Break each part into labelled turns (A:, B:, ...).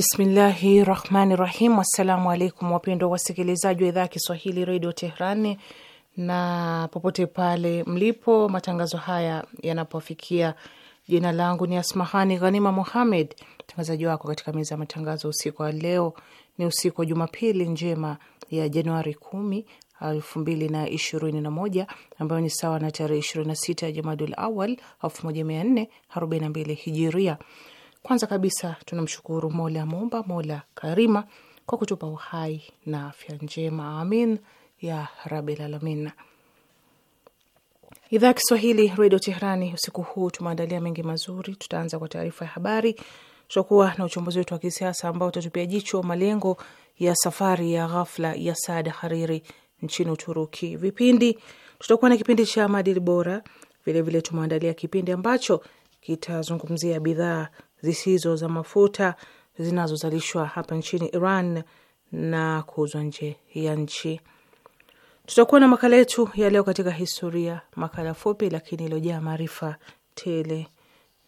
A: Bismillahi rahmani rahim. Assalamu alaikum wapendo wasikilizaji wa idhaa ya Kiswahili redio Teherani na popote pale mlipo matangazo haya yanapofikia. Jina langu ni Asmahani Ghanima Muhammed, mtangazaji wako katika meza ya matangazo. Usiku wa leo ni usiku wa Jumapili njema ya Januari kumi elfu mbili na ishirini na moja ambayo ni sawa na tarehe ishirini na sita ya Jamadul Awal elfu moja mia nne arobaini na mbili hijiria kwanza kabisa tunamshukuru Mola momba Mola Karima, kwa kutupa uhai na afya njema, amin ya rabil alamin. Idhaa ya Kiswahili Redio Teherani, usiku huu tumeandalia mengi mazuri. Tutaanza kwa taarifa ya habari, tutakuwa na uchambuzi wetu wa kisiasa ambao utatupia jicho malengo ya safari ya ghafla ya Saad Hariri nchini Uturuki. Vipindi, tutakuwa na kipindi cha maadili bora, vilevile tumeandalia kipindi ambacho kitazungumzia bidhaa zisizo za mafuta zinazozalishwa hapa nchini Iran na kuuzwa nje ya nchi. Tutakuwa na makala yetu ya leo katika historia, makala fupi lakini iliyojaa maarifa tele,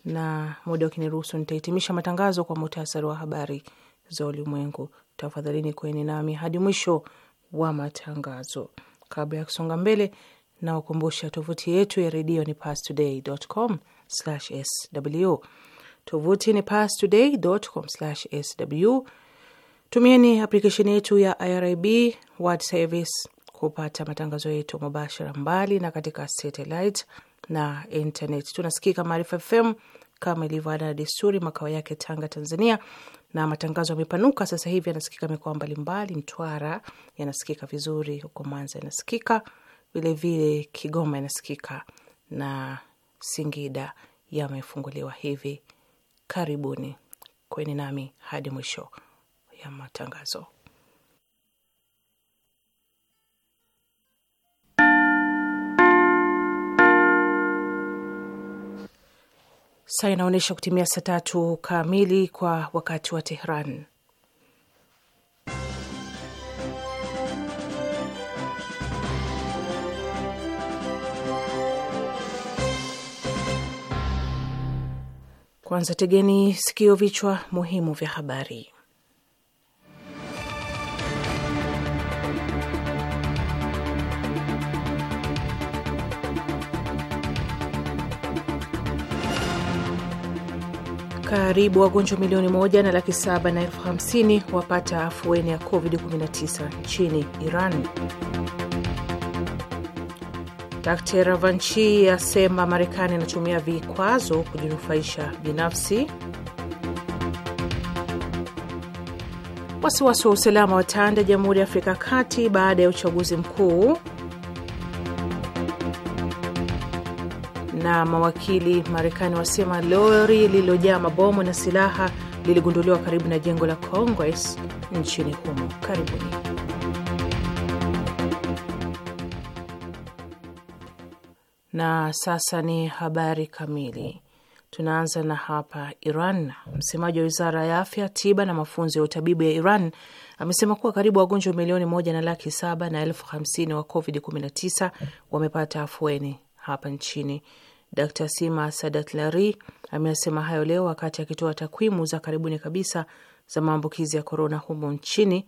A: na muda ukiniruhusu nitahitimisha matangazo kwa muhtasari wa habari za ulimwengu. Tafadhalini kweni nami hadi mwisho wa matangazo. Kabla ya kusonga mbele, na wakumbusha tovuti yetu ya redio ni pastoday.com/sw Tovuti ni parstoday.com/sw. Tumieni aplikesheni yetu ya IRIB World Service kupata matangazo yetu mubashara, mbali na katika satellite na internet. Tunasikika Maarifa FM kama ilivyo ada na desturi, makao yake Tanga, Tanzania, na matangazo yamepanuka sasa hivi, yanasikika mikoa mbalimbali. Mtwara yanasikika vizuri, huko Mwanza yanasikika vilevile, Kigoma yanasikika na Singida yamefunguliwa hivi Karibuni, kweni nami hadi mwisho ya matangazo. Saa inaonyesha kutimia saa tatu kamili kwa wakati wa Tehran. Kwanza tegeni sikio, vichwa muhimu vya habari. Karibu wagonjwa milioni moja na laki saba na elfu hamsini wapata afueni ya COVID-19 nchini Iran. Dkt Ravanchi asema Marekani inatumia vikwazo kujinufaisha binafsi. Wasiwasi wa usalama watanda Jamhuri ya Afrika Kati baada ya uchaguzi mkuu. Na mawakili Marekani wasema lori lililojaa mabomu na silaha liligunduliwa karibu na jengo la Congress nchini humo. Karibuni. Na sasa ni habari kamili. Tunaanza na hapa Iran. Msemaji wa wizara ya afya, tiba na mafunzo ya utabibu ya Iran amesema kuwa karibu wagonjwa milioni moja na laki saba na elfu hamsini wa Covid 19 wamepata afueni hapa nchini. Dr Sima Sadatlari ameasema hayo leo wakati akitoa takwimu za karibuni kabisa za maambukizi ya korona humo nchini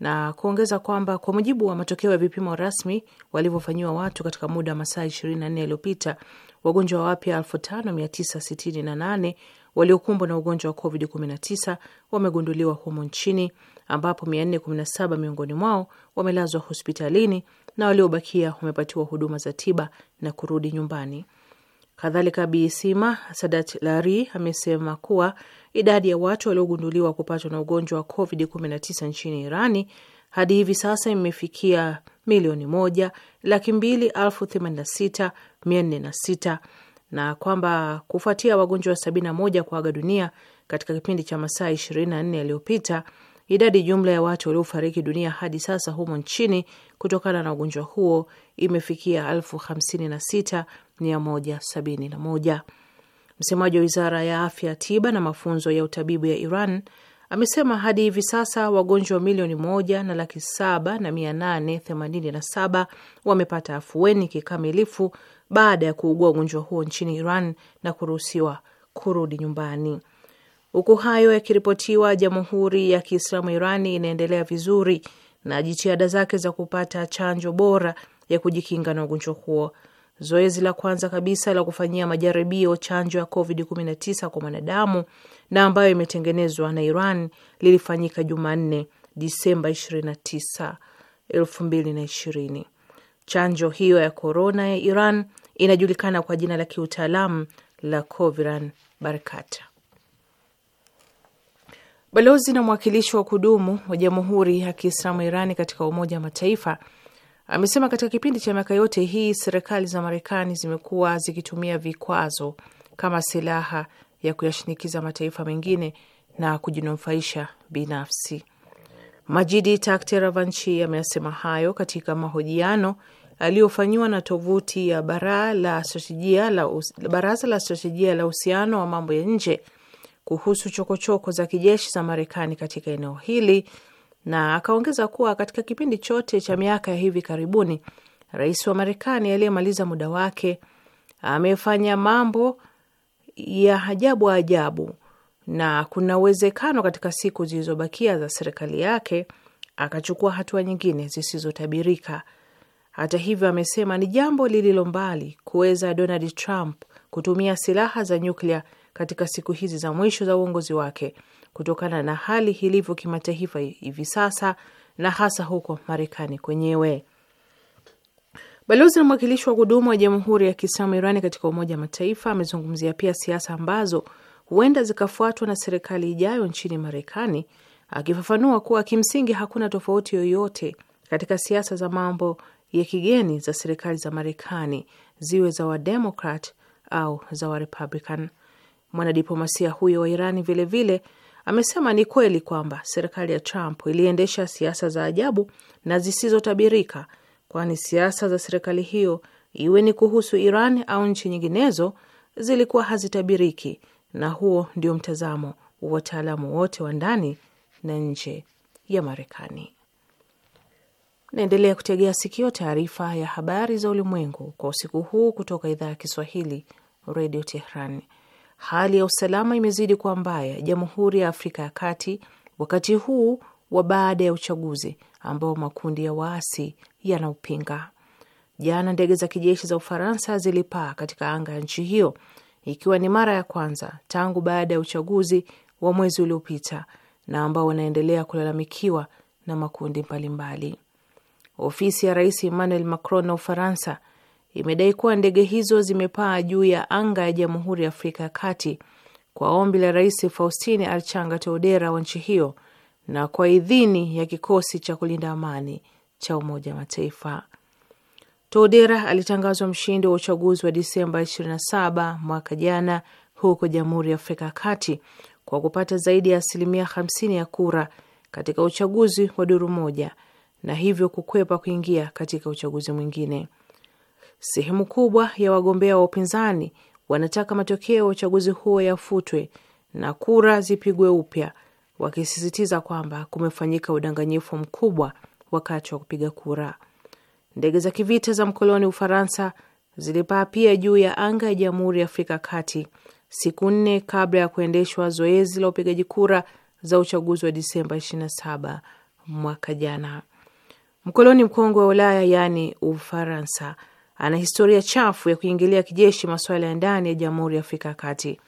A: na kuongeza kwamba kwa mujibu wa matokeo ya vipimo rasmi walivyofanyiwa watu katika muda wa masaa 24 yaliyopita, wagonjwa wapya 5968 waliokumbwa na ugonjwa wa COVID-19 wamegunduliwa humo nchini, ambapo 417 miongoni mwao wamelazwa hospitalini na waliobakia wamepatiwa huduma za tiba na kurudi nyumbani. Kadhalika, Bi Sima Sadat Lari amesema kuwa idadi ya watu waliogunduliwa kupatwa na ugonjwa wa COVID-19 nchini Irani hadi hivi sasa imefikia milioni moja laki mbili elfu themanini na sita mia nne na sita na kwamba kufuatia wagonjwa 71 kuaga dunia katika kipindi cha masaa 24 yaliyopita, idadi jumla ya watu waliofariki dunia hadi sasa humo nchini kutokana na ugonjwa huo imefikia elfu hamsini na sita mia moja sabini na moja. Msemaji wa wizara ya afya, tiba na mafunzo ya utabibu ya Iran amesema hadi hivi sasa wagonjwa milioni moja na laki saba na mia nane themanini na saba wamepata afueni kikamilifu baada ya kuugua ugonjwa huo nchini Iran na kuruhusiwa kurudi nyumbani. Huku hayo yakiripotiwa, Jamhuri ya Kiislamu Irani inaendelea vizuri na jitihada zake za kupata chanjo bora ya kujikinga na ugonjwa huo zoezi la kwanza kabisa la kufanyia majaribio chanjo ya COVID-19 kwa mwanadamu na ambayo imetengenezwa na Iran lilifanyika Jumanne, Disemba 29, 2020. Chanjo hiyo ya korona ya Iran inajulikana kwa jina la kiutaalamu la Coviran Barkata. Balozi na mwakilishi wa kudumu wa Jamhuri ya Kiislamu Irani katika Umoja wa Mataifa Amesema katika kipindi cha miaka yote hii serikali za Marekani zimekuwa zikitumia vikwazo kama silaha ya kuyashinikiza mataifa mengine na kujinufaisha binafsi. Majidi Takteravanchi ameyasema hayo katika mahojiano aliyofanyiwa na tovuti ya baraza la stratejia la uhusiano wa mambo ya nje kuhusu chokochoko choko za kijeshi za Marekani katika eneo hili na akaongeza kuwa katika kipindi chote cha miaka ya hivi karibuni rais wa Marekani aliyemaliza muda wake amefanya mambo ya ajabu ajabu, na kuna uwezekano katika siku zilizobakia za serikali yake akachukua hatua nyingine zisizotabirika. Hata hivyo, amesema ni jambo lililo mbali kuweza Donald Trump kutumia silaha za nyuklia katika siku hizi za mwisho za uongozi wake kutokana na hali ilivyo kimataifa hivi sasa na hasa huko Marekani kwenyewe. Balozi na mwakilishi wa kudumu wa Jamhuri ya Kiislamu Irani katika Umoja wa Mataifa amezungumzia pia siasa ambazo huenda zikafuatwa na serikali ijayo nchini Marekani, akifafanua kuwa kimsingi hakuna tofauti yoyote katika siasa za mambo ya kigeni za serikali za Marekani, ziwe za Wademokrat au za Warepublican. Mwanadiplomasia huyo wa Irani vilevile vile, amesema ni kweli kwamba serikali ya Trump iliendesha siasa za ajabu na zisizotabirika, kwani siasa za serikali hiyo, iwe ni kuhusu Iran au nchi nyinginezo, zilikuwa hazitabiriki, na huo ndio mtazamo wa wataalamu wote wa ndani na nje ya Marekani. Naendelea kutegea sikio taarifa ya habari za ulimwengu kwa usiku huu kutoka idhaa ya Kiswahili, Redio Tehrani hali ya usalama imezidi kuwa mbaya Jamhuri ya Afrika ya Kati wakati huu wa baada ya uchaguzi ambao makundi ya waasi yanaupinga. Jana ndege za kijeshi za Ufaransa zilipaa katika anga ya nchi hiyo ikiwa ni mara ya kwanza tangu baada ya uchaguzi wa mwezi uliopita na ambao wanaendelea kulalamikiwa na makundi mbalimbali. Ofisi ya Rais Emmanuel Macron na Ufaransa imedai kuwa ndege hizo zimepaa juu ya anga ya Jamhuri ya Afrika ya Kati kwa ombi la Rais Faustini Archanga Teodera wa nchi hiyo na kwa idhini ya kikosi cha kulinda amani cha Umoja wa Mataifa. Todera alitangazwa mshindi wa uchaguzi wa Disemba 27 mwaka jana huko Jamhuri ya Afrika ya Kati kwa kupata zaidi ya asilimia 50 ya kura katika uchaguzi wa duru moja na hivyo kukwepa kuingia katika uchaguzi mwingine. Sehemu kubwa ya wagombea wa upinzani wanataka matokeo ya uchaguzi huo yafutwe na kura zipigwe upya, wakisisitiza kwamba kumefanyika udanganyifu mkubwa wakati wa kupiga kura. Ndege za kivita za mkoloni Ufaransa zilipaa pia juu ya anga ya Jamhuri ya Afrika Kati siku nne kabla ya kuendeshwa zoezi la upigaji kura za uchaguzi wa Disemba 27 mwaka jana. Mkoloni mkongwe wa Ulaya yaani Ufaransa ana historia chafu ya kuingilia kijeshi masuala ya ndani ya Jamhuri ya Afrika ya Kati.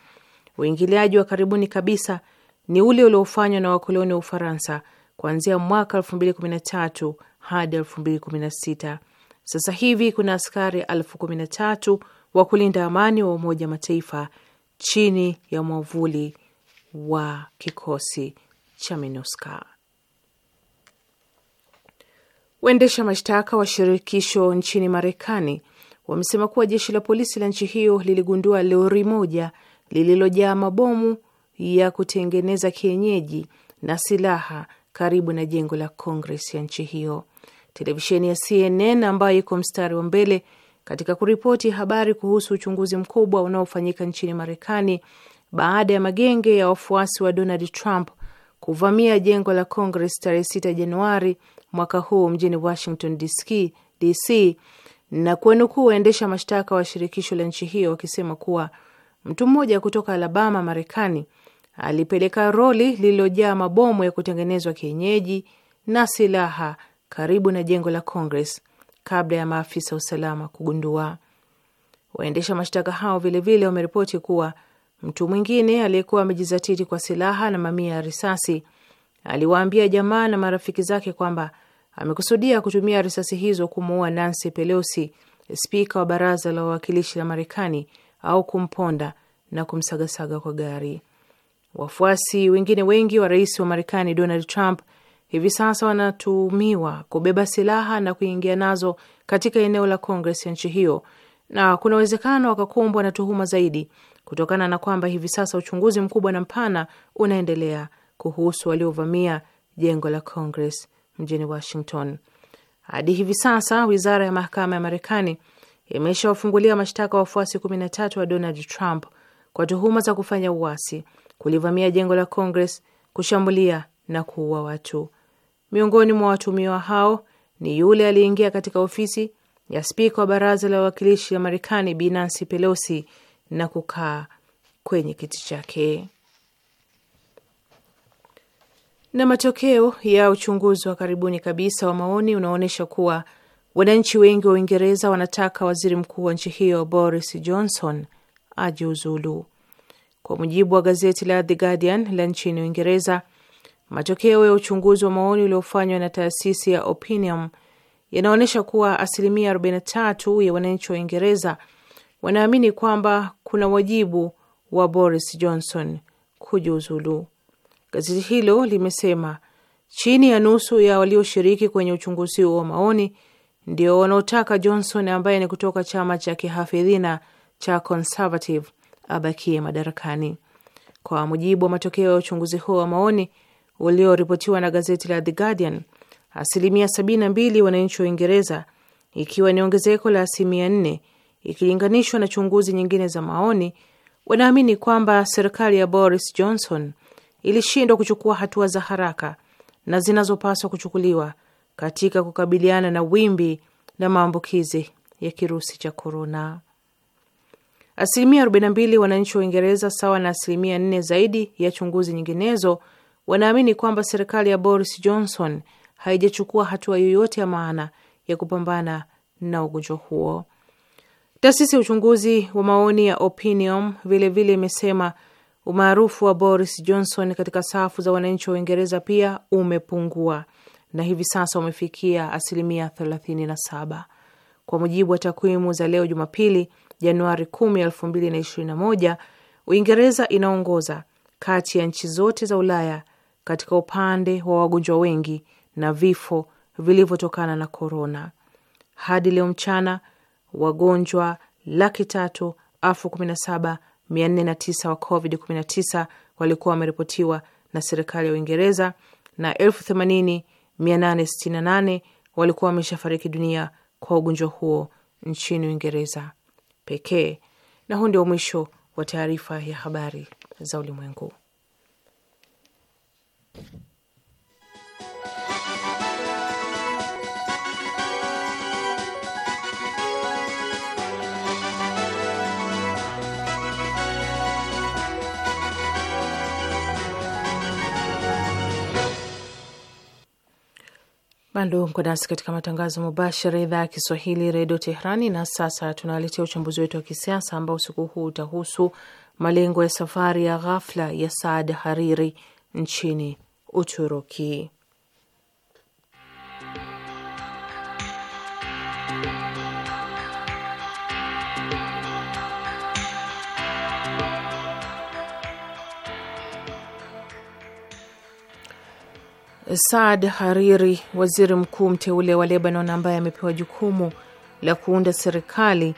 A: Uingiliaji wa karibuni kabisa ni ule uliofanywa na wakoloni wa Ufaransa kuanzia mwaka 2013 hadi 2016. Sasa hivi kuna askari elfu kumi na tatu wa kulinda amani wa Umoja Mataifa chini ya mwavuli wa kikosi cha MINUSCA. Waendesha mashtaka wa shirikisho nchini Marekani wamesema kuwa jeshi la polisi la nchi hiyo liligundua lori moja lililojaa mabomu ya kutengeneza kienyeji na silaha karibu na jengo la Kongres ya nchi hiyo. Televisheni ya CNN ambayo iko mstari wa mbele katika kuripoti habari kuhusu uchunguzi mkubwa unaofanyika nchini Marekani baada ya magenge ya wafuasi wa Donald Trump kuvamia jengo la Kongres tarehe 6 Januari mwaka huu mjini Washington DC na kuwanukuu waendesha mashtaka wa shirikisho la nchi hiyo wakisema kuwa mtu mmoja kutoka Alabama, Marekani, alipeleka roli lililojaa mabomu ya kutengenezwa kienyeji na silaha karibu na jengo la Congress kabla ya maafisa usalama kugundua. Waendesha mashtaka hao vilevile wameripoti kuwa mtu mwingine aliyekuwa amejizatiti kwa silaha na mamia ya risasi aliwaambia jamaa na marafiki zake kwamba amekusudia kutumia risasi hizo kumuua Nancy Pelosi, spika wa baraza la wawakilishi la Marekani, au kumponda na kumsagasaga kwa gari. Wafuasi wengine wengi wa rais wa Marekani Donald Trump hivi sasa wanatumiwa kubeba silaha na kuingia nazo katika eneo la Kongres ya nchi hiyo, na kuna uwezekano wakakumbwa na tuhuma zaidi kutokana na kwamba hivi sasa uchunguzi mkubwa na mpana unaendelea kuhusu waliovamia jengo la Kongres mjini Washington. Hadi hivi sasa wizara ya mahakama ya Marekani imeshawafungulia mashtaka wafuasi 13 wa Donald Trump kwa tuhuma za kufanya uasi, kulivamia jengo la Congress, kushambulia na kuua watu. Miongoni mwa watumiwa hao ni yule aliyeingia katika ofisi ya spika wa baraza la wawakilishi la Marekani Bi Nancy Pelosi na kukaa kwenye kiti chake na matokeo ya uchunguzi wa karibuni kabisa wa maoni unaonyesha kuwa wananchi wengi wa Uingereza wanataka waziri mkuu wa nchi hiyo Boris Johnson ajiuzulu. Kwa mujibu wa gazeti la The Guardian la nchini Uingereza, matokeo ya uchunguzi wa maoni uliofanywa na taasisi ya Opinium yanaonyesha kuwa asilimia 43 ya wananchi wa Uingereza wanaamini kwamba kuna wajibu wa Boris Johnson kujiuzulu. Gazeti hilo limesema chini ya nusu ya walioshiriki kwenye uchunguzi huo wa maoni ndio wanaotaka Johnson ambaye ni kutoka chama cha kihafidhina cha Conservative abakie madarakani. Kwa mujibu wa matokeo ya uchunguzi huo wa maoni ulioripotiwa na gazeti la The Guardian, asilimia 72 wananchi wa Uingereza, ikiwa ni ongezeko la asilimia 4 ikilinganishwa na chunguzi nyingine za maoni, wanaamini kwamba serikali ya Boris Johnson ilishindwa kuchukua hatua za haraka na zinazopaswa kuchukuliwa katika kukabiliana na wimbi la maambukizi ya kirusi cha korona. Asilimia 42 wananchi wa Uingereza, sawa na asilimia 4 zaidi ya chunguzi nyinginezo, wanaamini kwamba serikali ya Boris Johnson haijachukua hatua yoyote ya maana ya kupambana na ugonjwa huo. Taasisi ya uchunguzi wa maoni ya Opinium vilevile imesema vile Umaarufu wa Boris Johnson katika safu za wananchi wa Uingereza pia umepungua na hivi sasa umefikia asilimia 37 kwa mujibu wa takwimu za leo Jumapili, Januari 10, 2021. Uingereza inaongoza kati ya nchi zote za Ulaya katika upande wa wagonjwa wengi na vifo vilivyotokana na korona. Hadi leo mchana wagonjwa laki tatu elfu kumi na saba 409 wa COVID-19 walikuwa wameripotiwa na serikali ya Uingereza na 80868 walikuwa wameshafariki dunia kwa ugonjwa huo nchini Uingereza pekee. Na huu ndio mwisho wa taarifa ya habari za ulimwengu. Bado mko nasi katika matangazo mubashara idhaa ya Kiswahili redio Teherani. Na sasa tunaletea uchambuzi wetu wa kisiasa ambao usiku huu utahusu malengo ya safari ya ghafla ya Saad Hariri nchini Uturuki. Saad Hariri, waziri mkuu mteule wa Lebanon ambaye amepewa jukumu la kuunda serikali,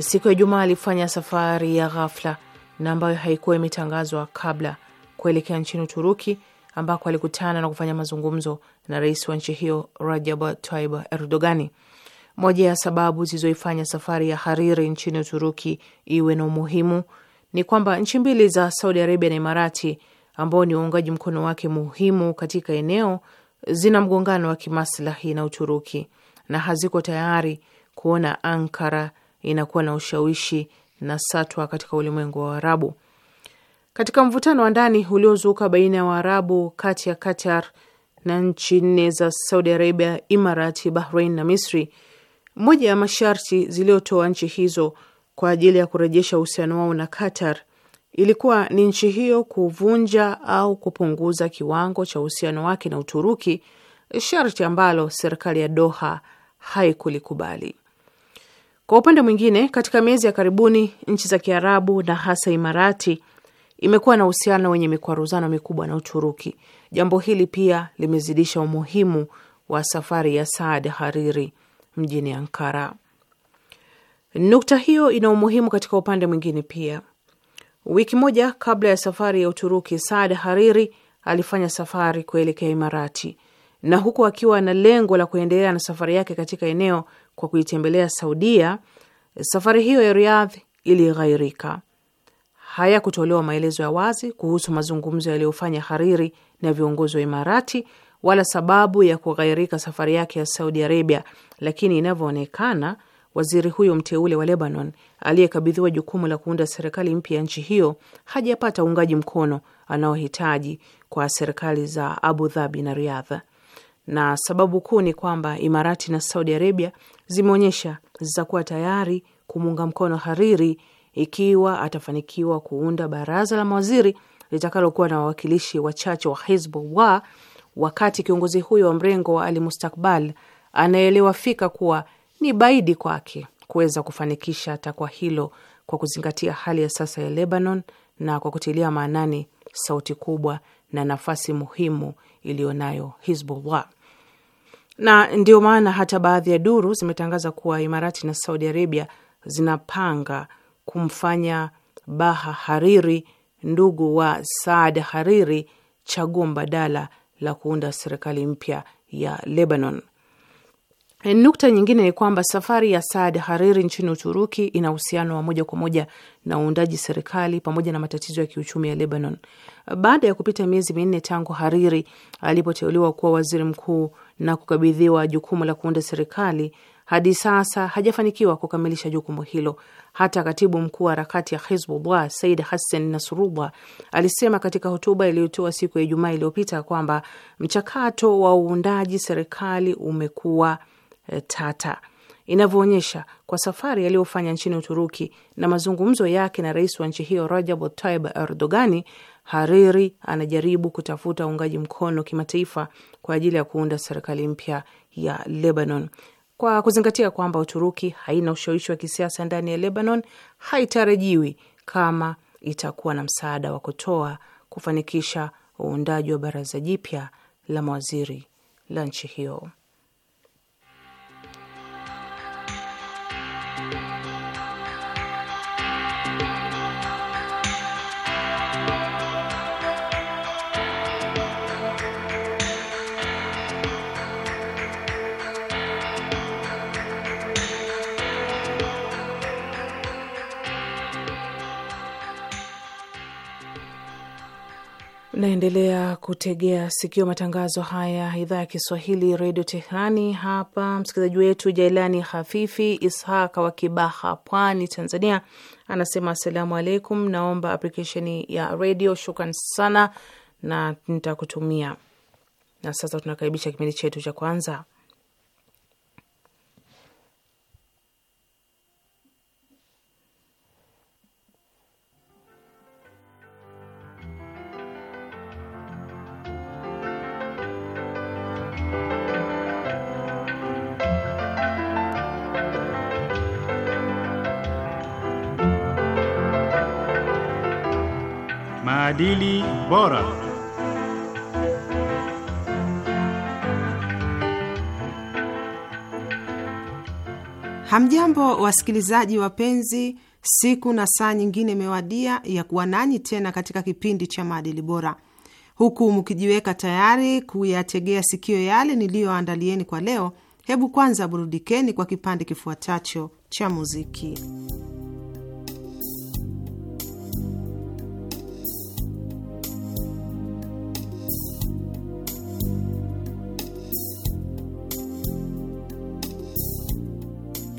A: siku ya Ijumaa alifanya safari ya ghafla na ambayo haikuwa imetangazwa kabla kuelekea nchini Uturuki ambako alikutana na kufanya mazungumzo na rais wa nchi hiyo Rajab Tayyip Erdogani. Moja ya sababu zilizoifanya safari ya Hariri nchini Uturuki iwe na umuhimu ni kwamba nchi mbili za Saudi Arabia na Imarati ambao ni waungaji mkono wake muhimu katika eneo zina mgongano wa kimaslahi na Uturuki na haziko tayari kuona Ankara inakuwa na ushawishi na satwa katika ulimwengu wa arabu Katika mvutano wa ndani uliozuka baina ya Waarabu kati ya Qatar na nchi nne za Saudi Arabia, Imarati, Bahrain na Misri, moja ya masharti ziliyotoa nchi hizo kwa ajili ya kurejesha uhusiano wao na Qatar ilikuwa ni nchi hiyo kuvunja au kupunguza kiwango cha uhusiano wake na Uturuki, sharti ambalo serikali ya Doha haikulikubali. Kwa upande mwingine, katika miezi ya karibuni nchi za Kiarabu na hasa Imarati imekuwa na uhusiano wenye mikwaruzano mikubwa na Uturuki. Jambo hili pia limezidisha umuhimu wa safari ya Saad Hariri mjini Ankara. Nukta hiyo ina umuhimu katika upande mwingine pia. Wiki moja kabla ya safari ya Uturuki, Saad Hariri alifanya safari kuelekea Imarati, na huku akiwa na lengo la kuendelea na safari yake katika eneo kwa kuitembelea Saudia, safari hiyo ya Riyadh ilighairika. Hayakutolewa maelezo ya wazi kuhusu mazungumzo yaliyofanya Hariri na viongozi wa Imarati wala sababu ya kughairika safari yake ya Saudi Arabia, lakini inavyoonekana Waziri huyo mteule wa Lebanon aliyekabidhiwa jukumu la kuunda serikali mpya ya nchi hiyo hajapata uungaji mkono anaohitaji kwa serikali za Abu Dhabi na Riadha, na sababu kuu ni kwamba Imarati na Saudi Arabia zimeonyesha zitakuwa tayari kumuunga mkono Hariri ikiwa atafanikiwa kuunda baraza la mawaziri litakalokuwa na wawakilishi wachache wa Hizbullah, wakati kiongozi huyo wa mrengo wa ali Mustakbal anaelewa fika kuwa ni baidi kwake kuweza kufanikisha takwa hilo kwa kuzingatia hali ya sasa ya Lebanon na kwa kutilia maanani sauti kubwa na nafasi muhimu iliyonayo Hizbullah. Na ndio maana hata baadhi ya duru zimetangaza kuwa Imarati na Saudi Arabia zinapanga kumfanya Baha Hariri, ndugu wa Saad Hariri, chaguo mbadala la kuunda serikali mpya ya Lebanon. E, nukta nyingine ni kwamba safari ya Saad Hariri nchini Uturuki ina uhusiano wa moja kwa moja na uundaji serikali pamoja na matatizo ya kiuchumi ya Lebanon. Baada ya kupita miezi minne tangu Hariri alipoteuliwa kuwa waziri mkuu na kukabidhiwa jukumu la kuunda serikali, hadi sasa hajafanikiwa kukamilisha jukumu hilo. Hata katibu mkuu wa harakati ya Hizbullah Said Hassan Nasrallah alisema katika hotuba iliyotoa siku ya Ijumaa iliyopita kwamba mchakato wa uundaji serikali umekuwa Eh, tata inavyoonyesha kwa safari aliyofanya nchini Uturuki na mazungumzo yake na rais wa nchi hiyo Rajab Tayyip Erdogani. Hariri anajaribu kutafuta uungaji mkono kimataifa kwa ajili ya kuunda serikali mpya ya Lebanon. Kwa kuzingatia kwamba Uturuki haina ushawishi wa kisiasa ndani ya Lebanon, haitarajiwi kama itakuwa na msaada wa kutoa kufanikisha uundaji wa baraza jipya la mawaziri la nchi hiyo. Naendelea kutegea sikio matangazo haya idhaa ya Kiswahili redio Tehrani. Hapa msikilizaji wetu Jailani Hafifi Ishaka wa Kibaha, Pwani, Tanzania, anasema asalamu alaikum, naomba aplikesheni ya redio. Shukran sana na nitakutumia. Na sasa tunakaribisha kipindi chetu cha kwanza
B: Maadili Bora.
C: Hamjambo wasikilizaji wapenzi, siku na saa nyingine imewadia ya kuwa nanyi tena katika kipindi cha maadili bora, huku mkijiweka tayari kuyategea sikio yale niliyoandalieni kwa leo. Hebu kwanza burudikeni kwa kipande kifuatacho cha muziki.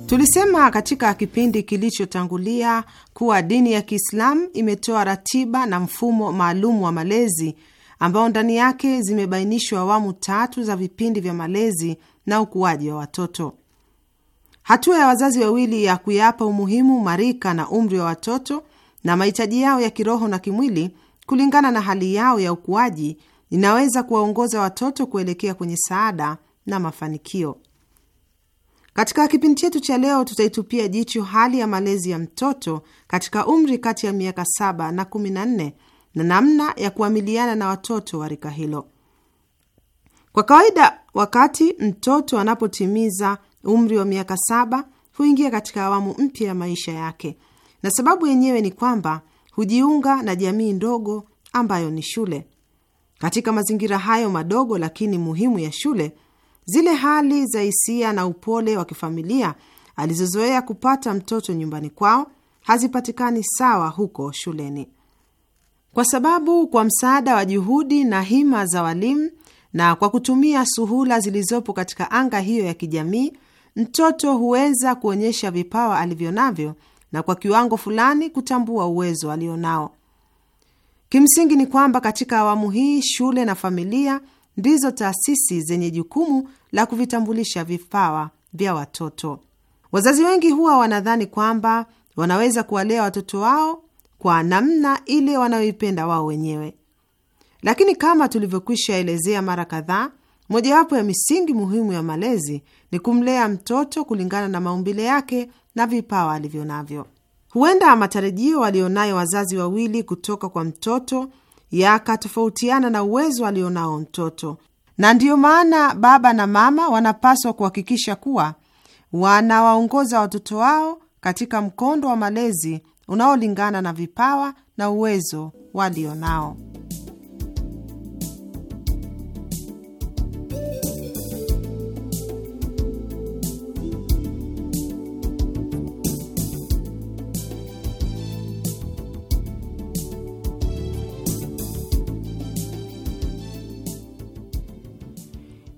C: Tulisema katika kipindi kilichotangulia kuwa dini ya Kiislamu imetoa ratiba na mfumo maalum wa malezi ambao ndani yake zimebainishwa awamu tatu za vipindi vya malezi na ukuaji wa watoto. Hatua ya wazazi wawili ya kuyapa umuhimu marika na umri wa watoto na mahitaji yao ya kiroho na kimwili kulingana na hali yao ya ukuaji inaweza kuwaongoza watoto kuelekea kwenye saada na mafanikio. Katika kipindi chetu cha leo tutaitupia jicho hali ya malezi ya mtoto katika umri kati ya miaka saba na kumi na nne na namna ya kuamiliana na watoto wa rika hilo. Kwa kawaida, wakati mtoto anapotimiza umri wa miaka saba huingia katika awamu mpya ya maisha yake, na sababu yenyewe ni kwamba hujiunga na jamii ndogo ambayo ni shule. Katika mazingira hayo madogo lakini muhimu ya shule Zile hali za hisia na upole wa kifamilia alizozoea kupata mtoto nyumbani kwao hazipatikani sawa huko shuleni, kwa sababu kwa msaada wa juhudi na hima za walimu na kwa kutumia suhula zilizopo katika anga hiyo ya kijamii, mtoto huweza kuonyesha vipawa alivyo navyo na kwa kiwango fulani kutambua uwezo alionao. Kimsingi ni kwamba katika awamu hii shule na familia ndizo taasisi zenye jukumu la kuvitambulisha vipawa vya watoto. Wazazi wengi huwa wanadhani kwamba wanaweza kuwalea watoto wao kwa namna ile wanayoipenda wao wenyewe, lakini kama tulivyokwisha elezea mara kadhaa, mojawapo ya misingi muhimu ya malezi ni kumlea mtoto kulingana na maumbile yake na vipawa alivyo navyo. Huenda matarajio walionayo wazazi wawili kutoka kwa mtoto yakatofautiana na uwezo alionao mtoto, na ndiyo maana baba na mama wanapaswa kuhakikisha kuwa wanawaongoza watoto wao katika mkondo wa malezi unaolingana na vipawa na uwezo walionao.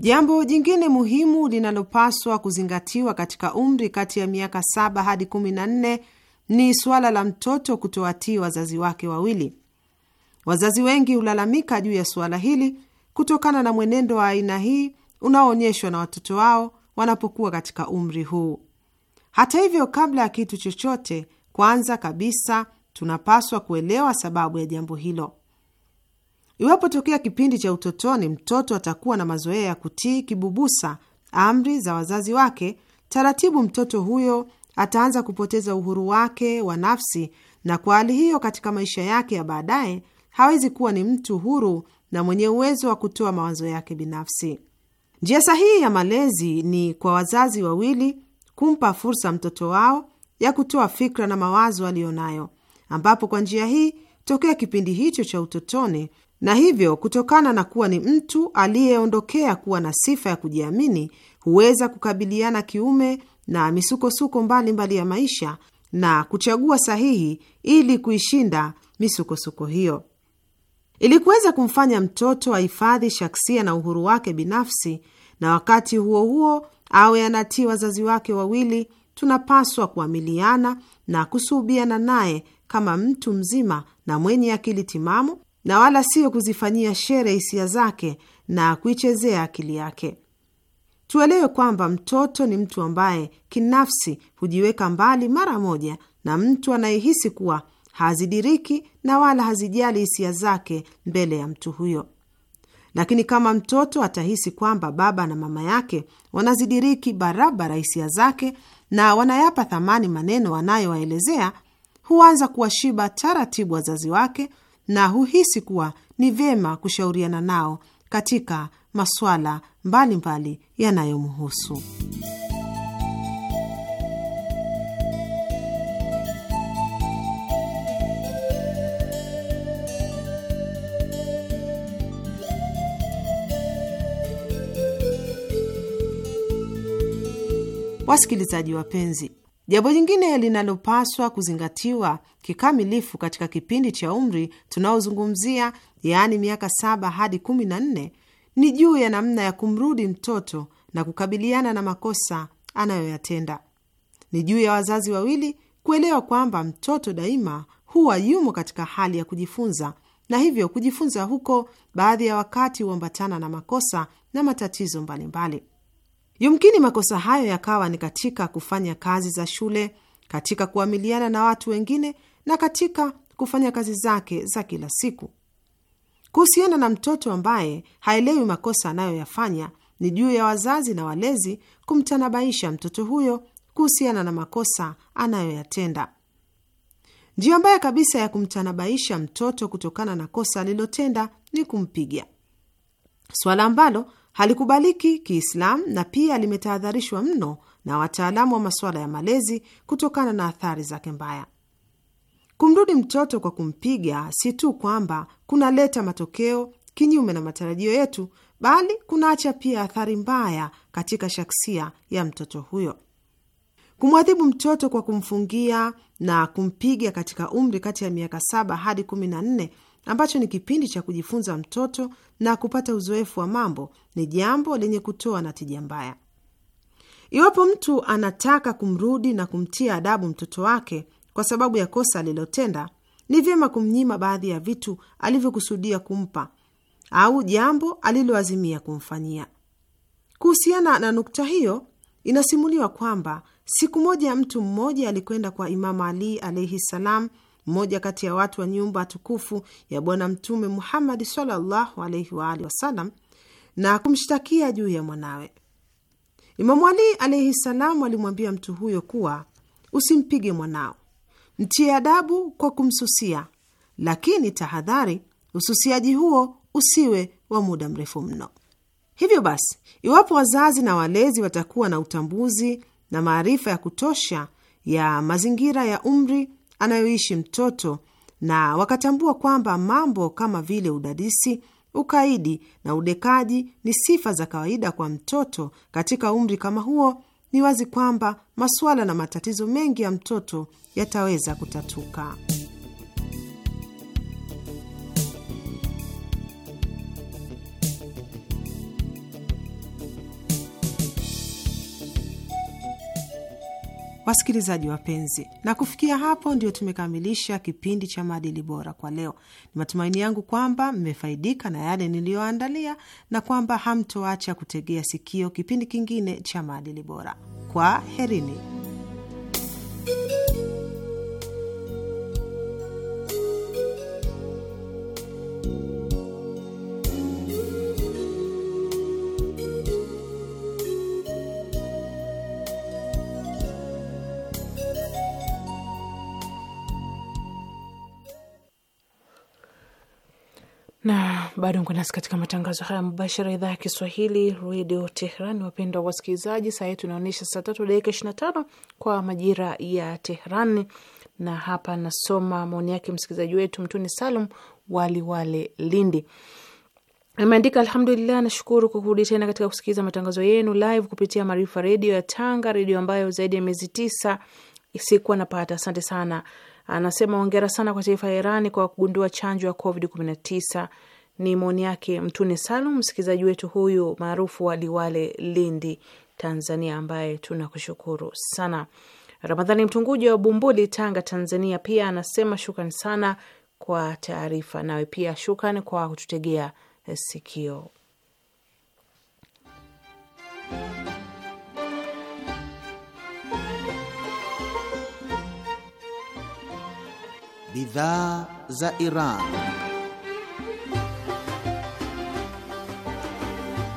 C: Jambo jingine muhimu linalopaswa kuzingatiwa katika umri kati ya miaka saba hadi kumi na nne ni suala la mtoto kutoatii wazazi wake wawili. Wazazi wengi hulalamika juu ya suala hili kutokana na mwenendo wa aina hii unaoonyeshwa na watoto wao wanapokuwa katika umri huu. Hata hivyo, kabla ya kitu chochote, kwanza kabisa tunapaswa kuelewa sababu ya jambo hilo. Iwapo tokea kipindi cha utotoni mtoto atakuwa na mazoea ya kutii kibubusa amri za wazazi wake, taratibu mtoto huyo ataanza kupoteza uhuru wake wa nafsi, na kwa hali hiyo, katika maisha yake ya baadaye hawezi kuwa ni mtu huru na mwenye uwezo wa kutoa mawazo yake binafsi. Njia sahihi ya malezi ni kwa wazazi wawili kumpa fursa mtoto wao ya kutoa fikra na mawazo aliyo nayo ambapo kwa njia hii tokea kipindi hicho cha utotoni na hivyo kutokana na kuwa ni mtu aliyeondokea kuwa na sifa ya kujiamini, huweza kukabiliana kiume na misukosuko mbalimbali ya maisha na kuchagua sahihi ili kuishinda misukosuko hiyo. Ili kuweza kumfanya mtoto ahifadhi shaksia na uhuru wake binafsi, na wakati huo huo awe anatii wazazi wake wawili, tunapaswa kuamiliana na kusuhubiana naye kama mtu mzima na mwenye akili timamu na wala sio kuzifanyia shere hisia zake na kuichezea akili yake. Tuelewe kwamba mtoto ni mtu ambaye kinafsi hujiweka mbali mara moja na mtu anayehisi kuwa hazidiriki na wala hazijali hisia zake mbele ya mtu huyo. Lakini kama mtoto atahisi kwamba baba na mama yake wanazidiriki barabara hisia zake na wanayapa thamani maneno anayowaelezea, huanza kuwashiba taratibu wazazi wake na huhisi kuwa ni vyema kushauriana nao katika masuala mbalimbali yanayomhusu. Wasikilizaji wapenzi, Jambo jingine linalopaswa kuzingatiwa kikamilifu katika kipindi cha umri tunaozungumzia, yaani miaka saba hadi kumi na nne, ni juu ya namna ya kumrudi mtoto na kukabiliana na makosa anayoyatenda. Ni juu ya wazazi wawili kuelewa kwamba mtoto daima huwa yumo katika hali ya kujifunza, na hivyo kujifunza huko baadhi ya wakati huambatana na makosa na matatizo mbalimbali mbali. Yumkini makosa hayo yakawa ni katika kufanya kazi za shule, katika kuamiliana na watu wengine na katika kufanya kazi zake za kila siku. Kuhusiana na mtoto ambaye haelewi makosa anayoyafanya, ni juu ya wazazi na walezi kumtanabaisha mtoto huyo kuhusiana na makosa anayoyatenda. Njia mbaya kabisa ya kumtanabaisha mtoto kutokana na kosa alilotenda ni kumpiga, swala ambalo halikubaliki Kiislamu na pia limetahadharishwa mno na wataalamu wa masuala ya malezi kutokana na athari zake mbaya. Kumrudi mtoto kwa kumpiga si tu kwamba kunaleta matokeo kinyume na matarajio yetu, bali kunaacha pia athari mbaya katika shaksia ya mtoto huyo. Kumwadhibu mtoto kwa kumfungia na kumpiga katika umri kati ya miaka saba hadi kumi na nne ambacho ni kipindi cha kujifunza mtoto na kupata uzoefu wa mambo, ni jambo lenye kutoa na tija mbaya. Iwapo mtu anataka kumrudi na kumtia adabu mtoto wake kwa sababu ya kosa alilotenda, ni vyema kumnyima baadhi ya vitu alivyokusudia kumpa au jambo aliloazimia kumfanyia. Kuhusiana na nukta hiyo, inasimuliwa kwamba siku moja mtu mmoja alikwenda kwa Imamu Ali alaihi salam mmoja kati ya watu wa nyumba tukufu ya Bwana Mtume Muhammadi sallallahu alaihi wa alihi wasallam na kumshtakia juu ya mwanawe. Imamu Ali alaihi salamu alimwambia mtu huyo kuwa usimpige mwanao, mtie adabu kwa kumsusia, lakini tahadhari, ususiaji huo usiwe wa muda mrefu mno. Hivyo basi, iwapo wazazi na walezi watakuwa na utambuzi na maarifa ya kutosha ya mazingira ya umri anayoishi mtoto na wakatambua kwamba mambo kama vile udadisi, ukaidi na udekaji ni sifa za kawaida kwa mtoto katika umri kama huo, ni wazi kwamba masuala na matatizo mengi ya mtoto yataweza kutatuka. Wasikilizaji wapenzi, na kufikia hapo ndio tumekamilisha kipindi cha maadili bora kwa leo. Ni matumaini yangu kwamba mmefaidika na yale niliyoandalia na kwamba hamtoacha kutegea sikio kipindi kingine cha maadili bora. kwa herini
A: na bado mko nasi katika matangazo haya mubashara, idhaa ya Kiswahili redio Tehran. Wapendwa wasikilizaji, saa yetu inaonyesha saa tatu dakika ishirini na tano kwa majira ya Tehran, na hapa nasoma maoni yake msikilizaji wetu Mtuni Salum Waliwale, Lindi. Ameandika, alhamdulillah, nashukuru kwa kurudi tena katika kusikiliza matangazo yenu live kupitia Maarifa redio ya Tanga, redio ambayo zaidi ya miezi tisa sikuwa napata. Asante sana Anasema ongera sana kwa taifa ya Irani kwa kugundua chanjo ya Covid 19. Ni maoni yake Mtune Salum, msikilizaji wetu huyu maarufu wa Liwale, Lindi, Tanzania, ambaye tunakushukuru sana. Ramadhani Mtunguji wa Bumbuli, Tanga, Tanzania, pia anasema shukrani sana kwa taarifa. Nawe pia shukrani kwa kututegea sikio.
D: bidhaa za Iran.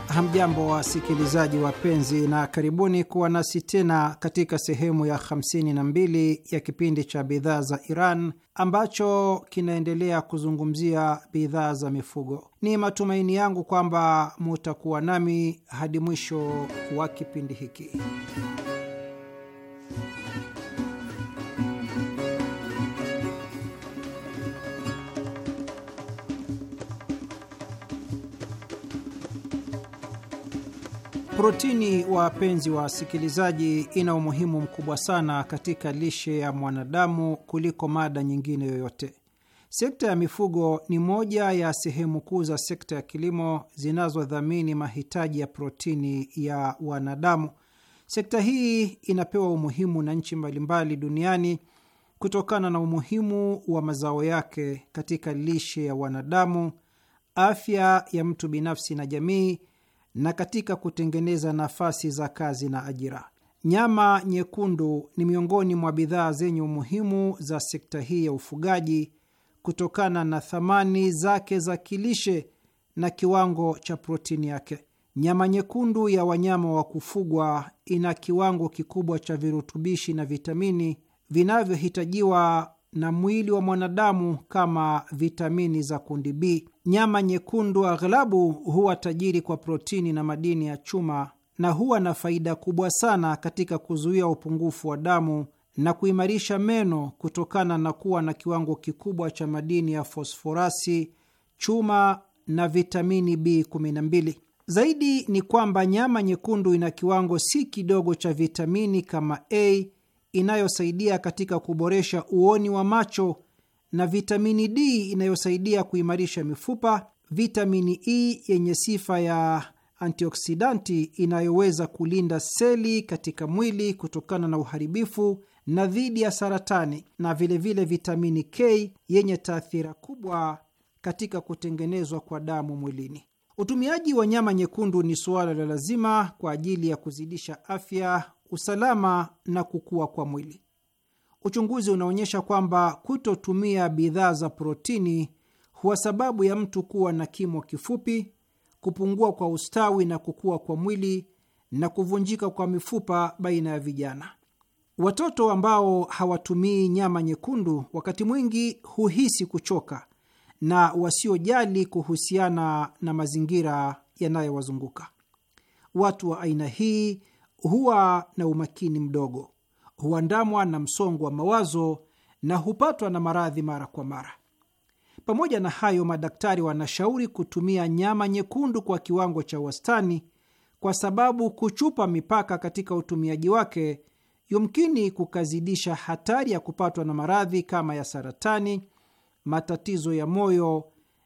E: Hamjambo wasikilizaji wapenzi, na karibuni kuwa nasi tena katika sehemu ya 52 ya kipindi cha bidhaa za Iran ambacho kinaendelea kuzungumzia bidhaa za mifugo. Ni matumaini yangu kwamba mutakuwa nami hadi mwisho wa kipindi hiki. Protini, wapenzi wa wasikilizaji, ina umuhimu mkubwa sana katika lishe ya mwanadamu kuliko mada nyingine yoyote. Sekta ya mifugo ni moja ya sehemu kuu za sekta ya kilimo zinazodhamini mahitaji ya protini ya wanadamu. Sekta hii inapewa umuhimu na nchi mbalimbali duniani kutokana na umuhimu wa mazao yake katika lishe ya wanadamu, afya ya mtu binafsi na jamii na katika kutengeneza nafasi za kazi na ajira. Nyama nyekundu ni miongoni mwa bidhaa zenye umuhimu za sekta hii ya ufugaji kutokana na thamani zake za kilishe na kiwango cha protini yake. Nyama nyekundu ya wanyama wa kufugwa ina kiwango kikubwa cha virutubishi na vitamini vinavyohitajiwa na mwili wa mwanadamu kama vitamini za kundi B. Nyama nyekundu aghlabu huwa tajiri kwa protini na madini ya chuma na huwa na faida kubwa sana katika kuzuia upungufu wa damu na kuimarisha meno kutokana na kuwa na kiwango kikubwa cha madini ya fosforasi, chuma na vitamini B12. Zaidi ni kwamba nyama nyekundu ina kiwango si kidogo cha vitamini kama A inayosaidia katika kuboresha uoni wa macho na vitamini D inayosaidia kuimarisha mifupa, vitamini E yenye sifa ya antioksidanti inayoweza kulinda seli katika mwili kutokana na uharibifu na dhidi ya saratani, na vilevile vile vitamini K yenye taathira kubwa katika kutengenezwa kwa damu mwilini. Utumiaji wa nyama nyekundu ni suala la lazima kwa ajili ya kuzidisha afya, usalama na kukua kwa mwili. Uchunguzi unaonyesha kwamba kutotumia bidhaa za protini huwa sababu ya mtu kuwa na kimo kifupi, kupungua kwa ustawi na kukua kwa mwili na kuvunjika kwa mifupa baina ya vijana. Watoto ambao hawatumii nyama nyekundu wakati mwingi huhisi kuchoka na wasiojali kuhusiana na mazingira yanayowazunguka. Watu wa aina hii huwa na umakini mdogo, huandamwa na msongo wa mawazo na hupatwa na maradhi mara kwa mara. Pamoja na hayo, madaktari wanashauri kutumia nyama nyekundu kwa kiwango cha wastani, kwa sababu kuchupa mipaka katika utumiaji wake yumkini kukazidisha hatari ya kupatwa na maradhi kama ya saratani, matatizo ya moyo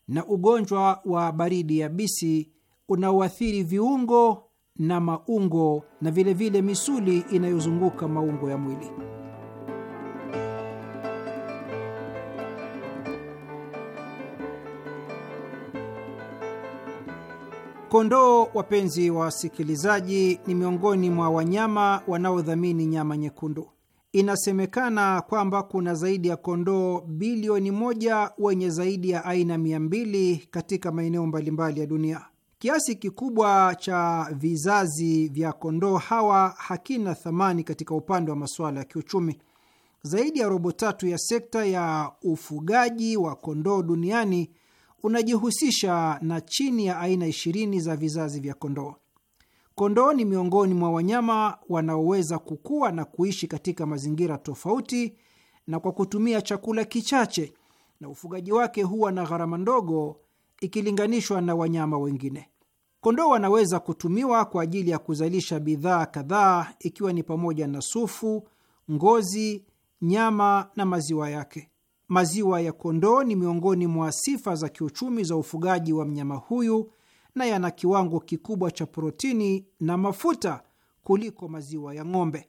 E: na ugonjwa wa baridi yabisi unaoathiri viungo na maungo na vilevile vile misuli inayozunguka maungo ya mwili. Kondoo, wapenzi wa wasikilizaji, ni miongoni mwa wanyama wanaodhamini nyama nyekundu. Inasemekana kwamba kuna zaidi ya kondoo bilioni moja wenye zaidi ya aina mia mbili katika maeneo mbalimbali ya dunia. Kiasi kikubwa cha vizazi vya kondoo hawa hakina thamani katika upande wa masuala ya kiuchumi. Zaidi ya robo tatu ya sekta ya ufugaji wa kondoo duniani unajihusisha na chini ya aina ishirini za vizazi vya kondoo. Kondoo ni miongoni mwa wanyama wanaoweza kukua na kuishi katika mazingira tofauti na kwa kutumia chakula kichache, na ufugaji wake huwa na gharama ndogo ikilinganishwa na wanyama wengine. Kondoo wanaweza kutumiwa kwa ajili ya kuzalisha bidhaa kadhaa, ikiwa ni pamoja na sufu, ngozi, nyama na maziwa yake. Maziwa ya kondoo ni miongoni mwa sifa za kiuchumi za ufugaji wa mnyama huyu na yana kiwango kikubwa cha protini na mafuta kuliko maziwa ya ng'ombe.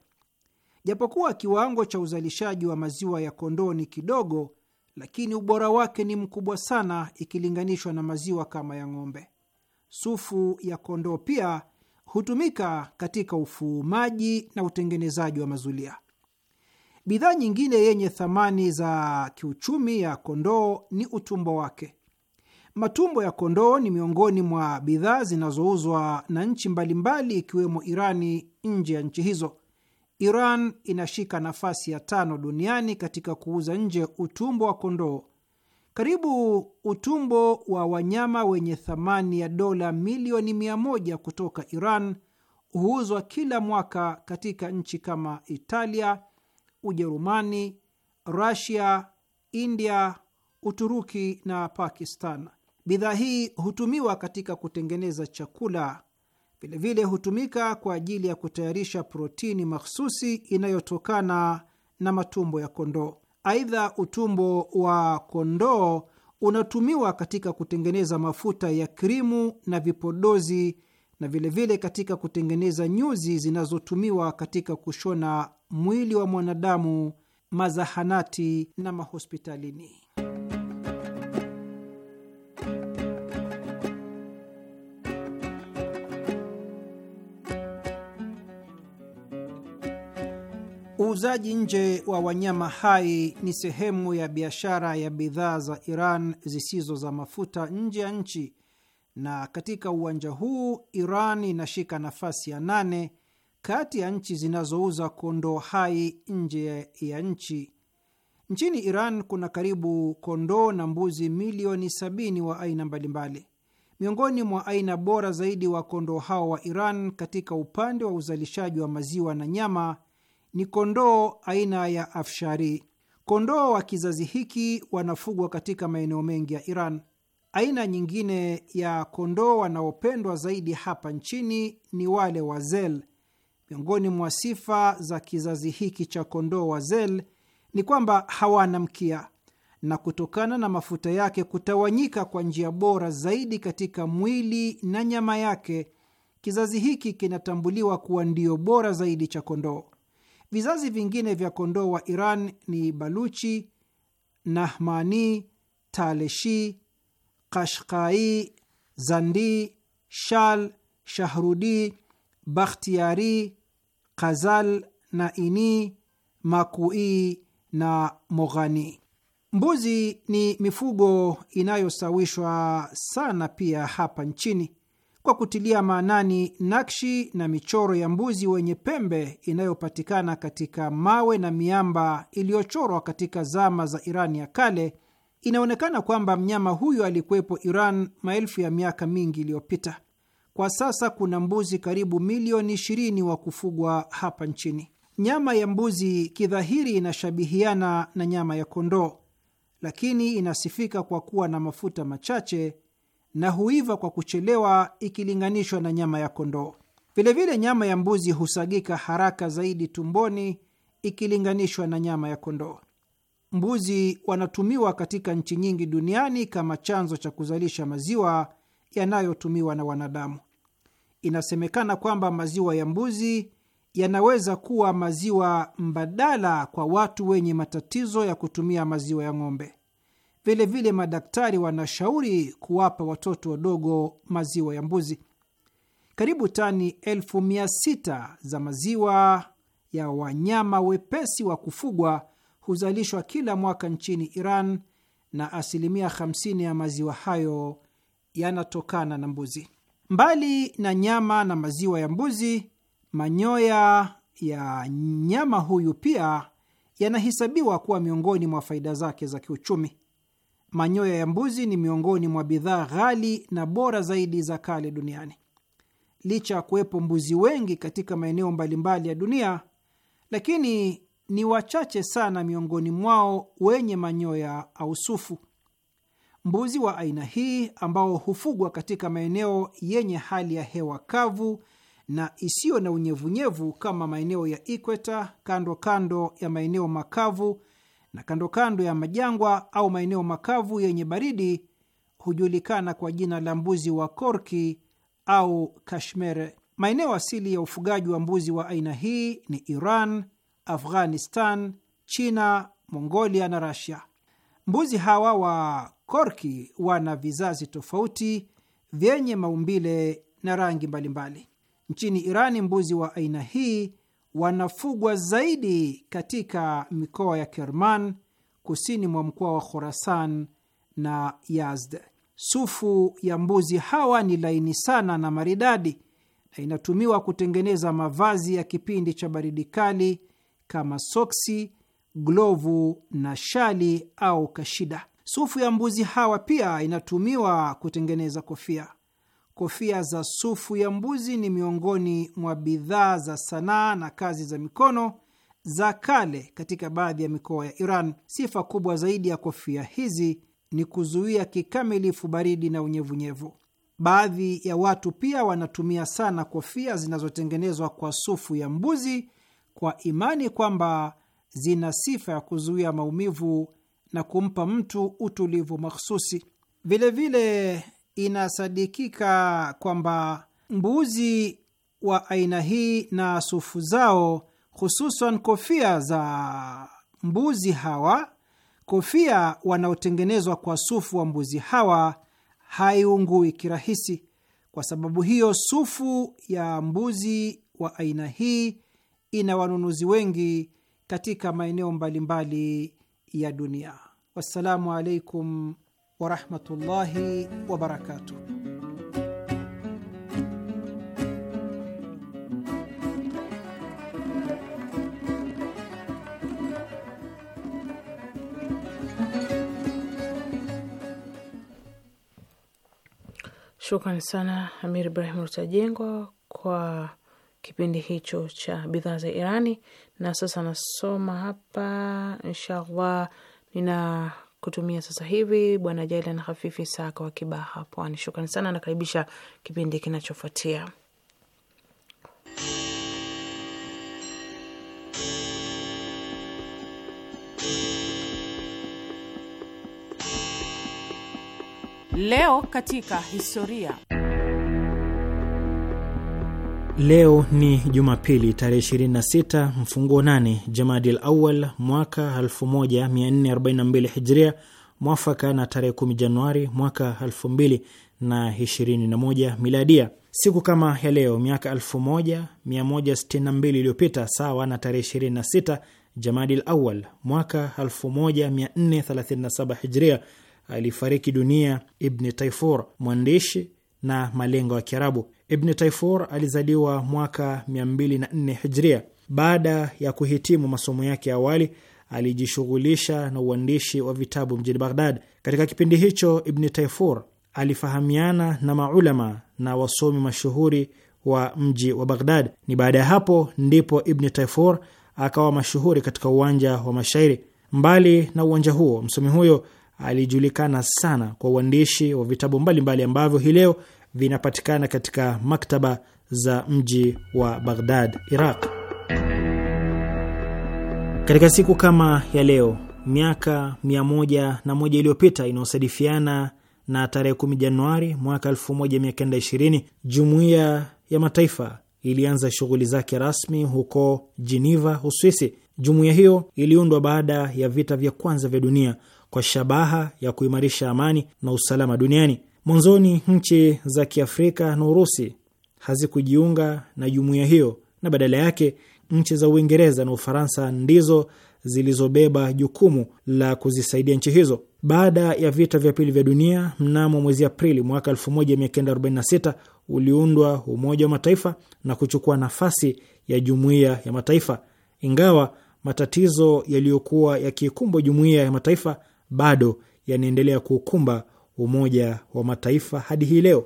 E: Japokuwa kiwango cha uzalishaji wa maziwa ya kondoo ni kidogo, lakini ubora wake ni mkubwa sana ikilinganishwa na maziwa kama ya ng'ombe. Sufu ya kondoo pia hutumika katika ufumaji na utengenezaji wa mazulia. Bidhaa nyingine yenye thamani za kiuchumi ya kondoo ni utumbo wake. Matumbo ya kondoo ni miongoni mwa bidhaa zinazouzwa na nchi mbalimbali ikiwemo Irani nje ya nchi hizo. Iran inashika nafasi ya tano duniani katika kuuza nje utumbo wa kondoo karibu utumbo wa wanyama wenye thamani ya dola milioni mia moja kutoka Iran huuzwa kila mwaka katika nchi kama Italia, Ujerumani, Rasia, India, Uturuki na Pakistan. Bidhaa hii hutumiwa katika kutengeneza chakula. Vilevile hutumika kwa ajili ya kutayarisha protini mahsusi inayotokana na matumbo ya kondoo. Aidha, utumbo wa kondoo unatumiwa katika kutengeneza mafuta ya krimu na vipodozi na vilevile vile katika kutengeneza nyuzi zinazotumiwa katika kushona mwili wa mwanadamu mazahanati na mahospitalini. Uuzaji nje wa wanyama hai ni sehemu ya biashara ya bidhaa za Iran zisizo za mafuta nje ya nchi, na katika uwanja huu Iran inashika nafasi ya nane kati ya nchi zinazouza kondoo hai nje ya nchi. Nchini Iran kuna karibu kondoo na mbuzi milioni sabini wa aina mbalimbali. Miongoni mwa aina bora zaidi wa kondoo hao wa Iran katika upande wa uzalishaji wa maziwa na nyama ni kondoo aina ya Afshari. Kondoo wa kizazi hiki wanafugwa katika maeneo mengi ya Iran. Aina nyingine ya kondoo wanaopendwa zaidi hapa nchini ni wale wa Zel. Miongoni mwa sifa za kizazi hiki cha kondoo wa Zel ni kwamba hawana mkia, na kutokana na mafuta yake kutawanyika kwa njia bora zaidi katika mwili na nyama yake, kizazi hiki kinatambuliwa kuwa ndio bora zaidi cha kondoo. Vizazi vingine vya kondoo wa Iran ni Baluchi, Nahmani, Taleshi, Kashkai, Zandi, Shal, Shahrudi, Bakhtiari, Kazal, Naini, Makui na Moghani. Mbuzi ni mifugo inayosawishwa sana pia hapa nchini kwa kutilia maanani nakshi na michoro ya mbuzi wenye pembe inayopatikana katika mawe na miamba iliyochorwa katika zama za iran ya kale, inaonekana kwamba mnyama huyo alikuwepo Iran maelfu ya miaka mingi iliyopita. Kwa sasa kuna mbuzi karibu milioni ishirini wa kufugwa hapa nchini. Nyama ya mbuzi kidhahiri inashabihiana na nyama ya kondoo, lakini inasifika kwa kuwa na mafuta machache na huiva kwa kuchelewa ikilinganishwa na nyama ya kondoo. Vilevile nyama ya mbuzi husagika haraka zaidi tumboni ikilinganishwa na nyama ya kondoo. Mbuzi wanatumiwa katika nchi nyingi duniani kama chanzo cha kuzalisha maziwa yanayotumiwa na wanadamu. Inasemekana kwamba maziwa ya mbuzi yanaweza kuwa maziwa mbadala kwa watu wenye matatizo ya kutumia maziwa ya ng'ombe. Vilevile vile madaktari wanashauri kuwapa watoto wadogo maziwa ya mbuzi. Karibu tani elfu mia sita za maziwa ya wanyama wepesi wa kufugwa huzalishwa kila mwaka nchini Iran na asilimia 50 ya maziwa hayo yanatokana na mbuzi. Mbali na nyama na maziwa ya mbuzi, manyoya ya nyama huyu pia yanahesabiwa kuwa miongoni mwa faida zake za kiuchumi manyoya ya mbuzi ni miongoni mwa bidhaa ghali na bora zaidi za kale duniani. Licha ya kuwepo mbuzi wengi katika maeneo mbalimbali ya dunia, lakini ni wachache sana miongoni mwao wenye manyoya au sufu. Mbuzi wa aina hii ambao hufugwa katika maeneo yenye hali ya hewa kavu na isiyo na unyevunyevu kama maeneo ya ikweta, kando kando ya maeneo makavu na kando kando ya majangwa au maeneo makavu yenye baridi hujulikana kwa jina la mbuzi wa korki au kashmere. Maeneo asili ya ufugaji wa mbuzi wa aina hii ni Iran, Afghanistan, China, Mongolia na Rasia. Mbuzi hawa wa korki wana vizazi tofauti vyenye maumbile na rangi mbalimbali. Nchini Irani, mbuzi wa aina hii wanafugwa zaidi katika mikoa ya Kerman, kusini mwa mkoa wa Khorasan na Yazd. Sufu ya mbuzi hawa ni laini sana na maridadi na inatumiwa kutengeneza mavazi ya kipindi cha baridi kali kama soksi, glovu na shali au kashida. Sufu ya mbuzi hawa pia inatumiwa kutengeneza kofia. Kofia za sufu ya mbuzi ni miongoni mwa bidhaa za sanaa na kazi za mikono za kale katika baadhi ya mikoa ya Iran. Sifa kubwa zaidi ya kofia hizi ni kuzuia kikamilifu baridi na unyevunyevu. Baadhi ya watu pia wanatumia sana kofia zinazotengenezwa kwa sufu ya mbuzi kwa imani kwamba zina sifa ya kuzuia maumivu na kumpa mtu utulivu makhususi. Vilevile inasadikika kwamba mbuzi wa aina hii na sufu zao, hususan kofia za mbuzi hawa, kofia wanaotengenezwa kwa sufu wa mbuzi hawa haiungui kirahisi. Kwa sababu hiyo, sufu ya mbuzi wa aina hii ina wanunuzi wengi katika maeneo mbalimbali ya dunia. Wassalamu alaikum warahmatullahi wabarakatuh.
A: Shukran sana Amir Ibrahim Rutajengwa kwa kipindi hicho cha bidhaa za Irani. Na sasa nasoma hapa, inshallah nina kutumia sasa hivi. Bwana na Hafifi saka wa Kibaha, Pwani, shukrani sana. Nakaribisha kipindi kinachofuatia leo katika historia
B: Leo ni Jumapili tarehe 26 mfunguo 8 Jamadil Awal mwaka 1442 Hijria, mwafaka na tarehe 10 Januari mwaka 2021 Miladia. Siku kama ya leo miaka 1162 iliyopita, sawa na tarehe 26 Jamadil Awal mwaka 1437 Hijria, alifariki dunia Ibni Taifur, mwandishi na malengo ya Kiarabu. Ibn Taifor alizaliwa mwaka 204 Hijria. Baada ya kuhitimu masomo yake ya awali, alijishughulisha na uandishi wa vitabu mjini Baghdad. Katika kipindi hicho, Ibni tayfur alifahamiana na maulama na wasomi mashuhuri wa mji wa Baghdad. Ni baada ya hapo ndipo ibn Taifor akawa mashuhuri katika uwanja wa mashairi. Mbali na uwanja huo, msomi huyo alijulikana sana kwa uandishi wa vitabu mbalimbali ambavyo hii leo vinapatikana katika maktaba za mji wa Baghdad, Iraq. Katika siku kama ya leo miaka 101 iliyopita inayosadifiana na tarehe 10 Januari mwaka 1920, jumuiya ya mataifa ilianza shughuli zake rasmi huko Geneva, Uswisi. Jumuiya hiyo iliundwa baada ya vita vya kwanza vya dunia kwa shabaha ya kuimarisha amani na usalama duniani. Mwanzoni nchi za Kiafrika na Urusi hazikujiunga na jumuiya hiyo na badala yake nchi za Uingereza na Ufaransa ndizo zilizobeba jukumu la kuzisaidia nchi hizo. Baada ya vita vya pili vya dunia, mnamo mwezi Aprili mwaka 1946 uliundwa Umoja wa Mataifa na kuchukua nafasi ya Jumuiya ya Mataifa, ingawa matatizo yaliyokuwa yakiikumbwa Jumuiya ya Mataifa bado yanaendelea kuukumba Umoja wa Mataifa hadi hii leo.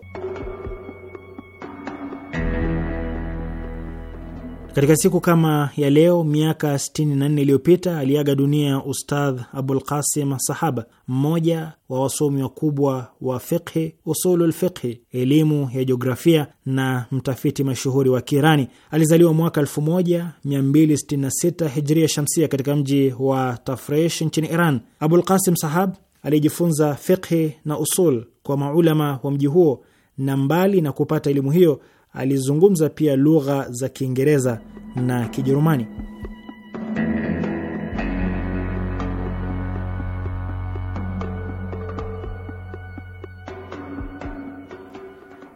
B: Katika siku kama ya leo miaka 64 iliyopita aliaga dunia Ustadh Abul Qasim Sahaba, mmoja wa wasomi wakubwa wa fiqhi, usulu lfiqhi, elimu ya jiografia na mtafiti mashuhuri wa Kiirani. Alizaliwa mwaka 1266 hijria shamsia katika mji wa Tafresh nchini Iran. Abul Qasim Sahab aliyejifunza fiqhi na usul kwa maulama wa mji huo, na mbali na kupata elimu hiyo alizungumza pia lugha za Kiingereza na Kijerumani.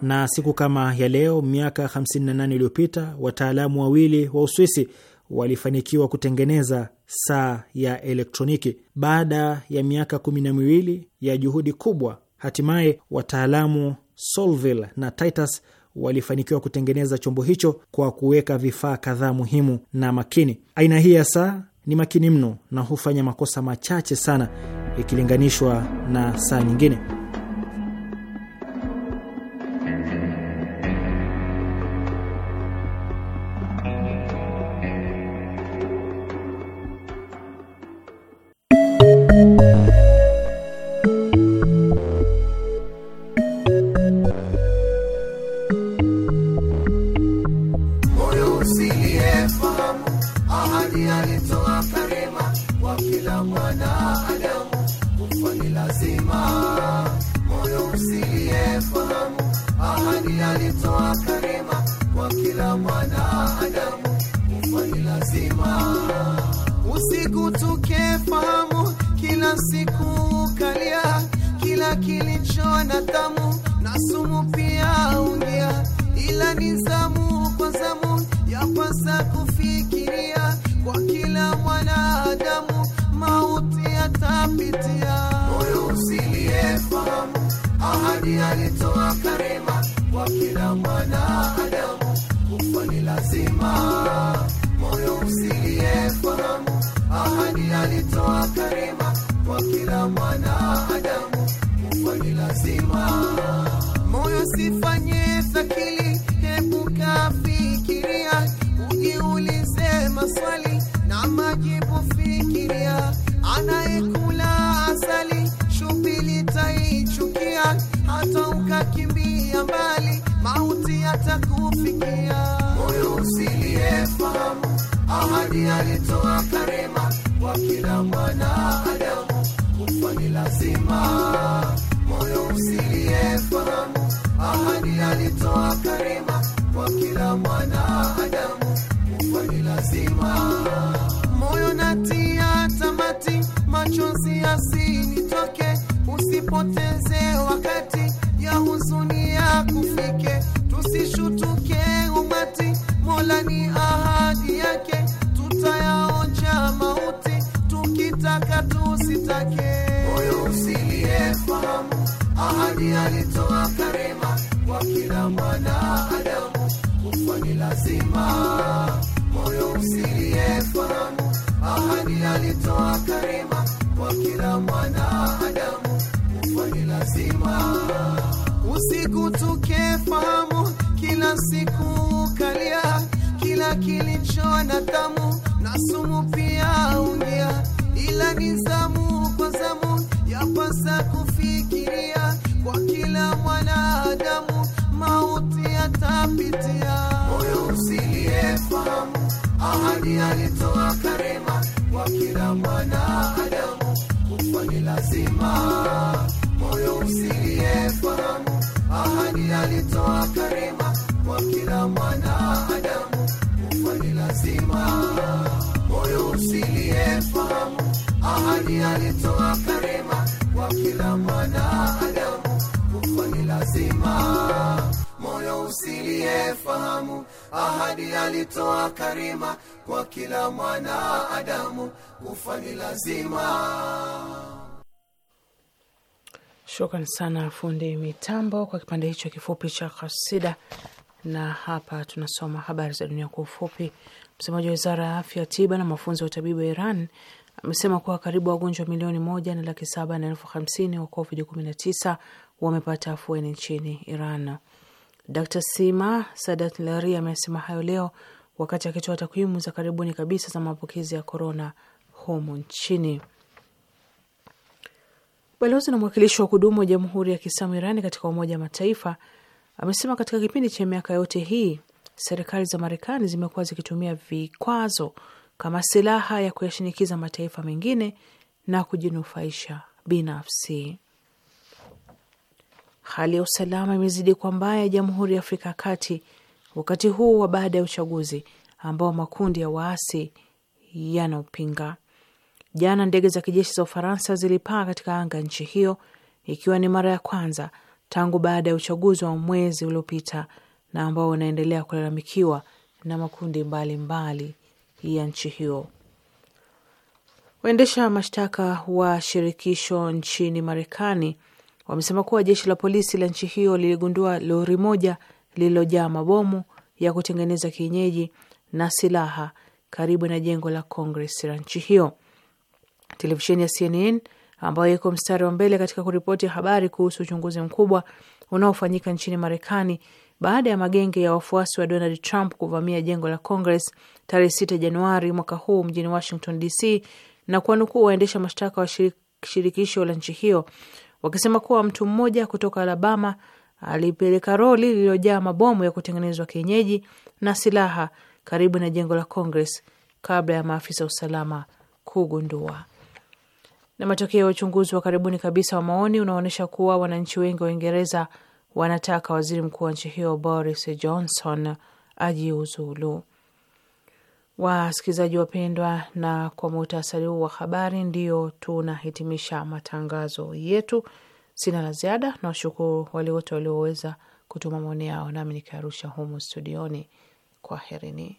B: Na siku kama ya leo miaka 58 iliyopita wataalamu wawili wa Uswisi walifanikiwa kutengeneza saa ya elektroniki. Baada ya miaka kumi na miwili ya juhudi kubwa, hatimaye wataalamu Solville na Titus walifanikiwa kutengeneza chombo hicho kwa kuweka vifaa kadhaa muhimu na makini. Aina hii ya saa ni makini mno na hufanya makosa machache sana ikilinganishwa na saa nyingine.
F: ukikimbia mbali, mauti atakufikia. Moyo usilie fahamu, ahadi alitoa karema kwa kila mwanadamu, kufa ni lazima. Moyo usilie fahamu, ahadi alitoa karema kwa kila mwanadamu, kufa ni lazima. Moyo natia tamati, machozi yasinitoke, usipoteze wakati ya huzuni ya kufike, tusishutuke umati, Mola ni ahadi yake, tutayaonja mauti tukitaka tusitake. Moyo usiliyefahamu ahadi alitoa karema kwa kila mwanadamu, kufa ni lazima. Moyo usiliyefahamu ahadi alitoa karema kwa kila mwanadamu, kufa ni lazima usiku tukefahamu, kila siku ukalia, kila kilicho na tamu na sumu pia ungia, ila ni zamu kwa zamu, yapasa kufikiria kwa kila mwanadamu, mauti yatapitia. Moyo fahamu, ahadi alitoa karema kwa kila mwanadamu, kufa ni lazima moyo usiyefahamu, ahadi alitoa karema kwa kila mwanadamu, kufa ni lazima. Moyo usiyefahamu, ahadi alitoa karema kwa kila mwanadamu, kufa ni lazima. Moyo usiyefahamu, ahadi alitoa karima kwa kila
A: mwanadamu,
F: kufa ni lazima.
A: Shukran sana fundi mitambo kwa kipande hicho kifupi cha kasida. Na hapa tunasoma habari za dunia kwa ufupi. Msemaji wa wizara ya afya, tiba na mafunzo ya utabibu wa Iran amesema kuwa karibu wagonjwa milioni moja na laki saba na elfu hamsini wa Covid 19 wamepata afueni nchini Iran. Dr Sima Sadat Lari amesema hayo leo wakati akitoa takwimu za karibuni kabisa za maambukizi ya korona humu nchini. Balozi na mwakilishi wa kudumu wa Jamhuri ya Kiislamu Irani katika Umoja wa Mataifa amesema katika kipindi cha miaka yote hii serikali za Marekani zimekuwa zikitumia vikwazo kama silaha ya kuyashinikiza mataifa mengine na kujinufaisha binafsi. Hali ya usalama imezidi kuwa mbaya Jamhuri ya Afrika ya Kati wakati huu wa baada ya uchaguzi ambao makundi ya waasi yanaopinga Jana ndege za kijeshi za Ufaransa zilipaa katika anga nchi hiyo ikiwa ni mara ya kwanza tangu baada ya uchaguzi wa mwezi uliopita na ambao unaendelea kulalamikiwa na makundi mbalimbali mbali ya nchi hiyo. Waendesha mashtaka wa shirikisho nchini Marekani wamesema kuwa jeshi la polisi la nchi hiyo liligundua lori moja lililojaa mabomu ya kutengeneza kienyeji na silaha karibu na jengo la Kongres la nchi hiyo. Televisheni ya CNN ambayo iko mstari wa mbele katika kuripoti habari kuhusu uchunguzi mkubwa unaofanyika nchini Marekani baada ya magenge ya wafuasi wa Donald Trump kuvamia jengo la Congress tarehe 6 Januari mwaka huu mjini Washington DC na kuwanukuu waendesha mashtaka wa shirikisho la nchi hiyo wakisema kuwa mtu mmoja kutoka Alabama alipeleka roli lililojaa mabomu ya kutengenezwa kienyeji na silaha karibu na jengo la Congress kabla ya maafisa usalama kugundua. Na matokeo ya uchunguzi wa karibuni kabisa wa maoni unaonyesha kuwa wananchi wengi wa Uingereza wanataka waziri mkuu wa nchi hiyo Boris Johnson ajiuzulu. Wasikilizaji wapendwa, na kwa muhtasari huu wa habari ndio tunahitimisha matangazo yetu. Sina la ziada, na washukuru wale wote walioweza kutuma maoni yao, nami nikiarusha humu studioni. Kwaherini.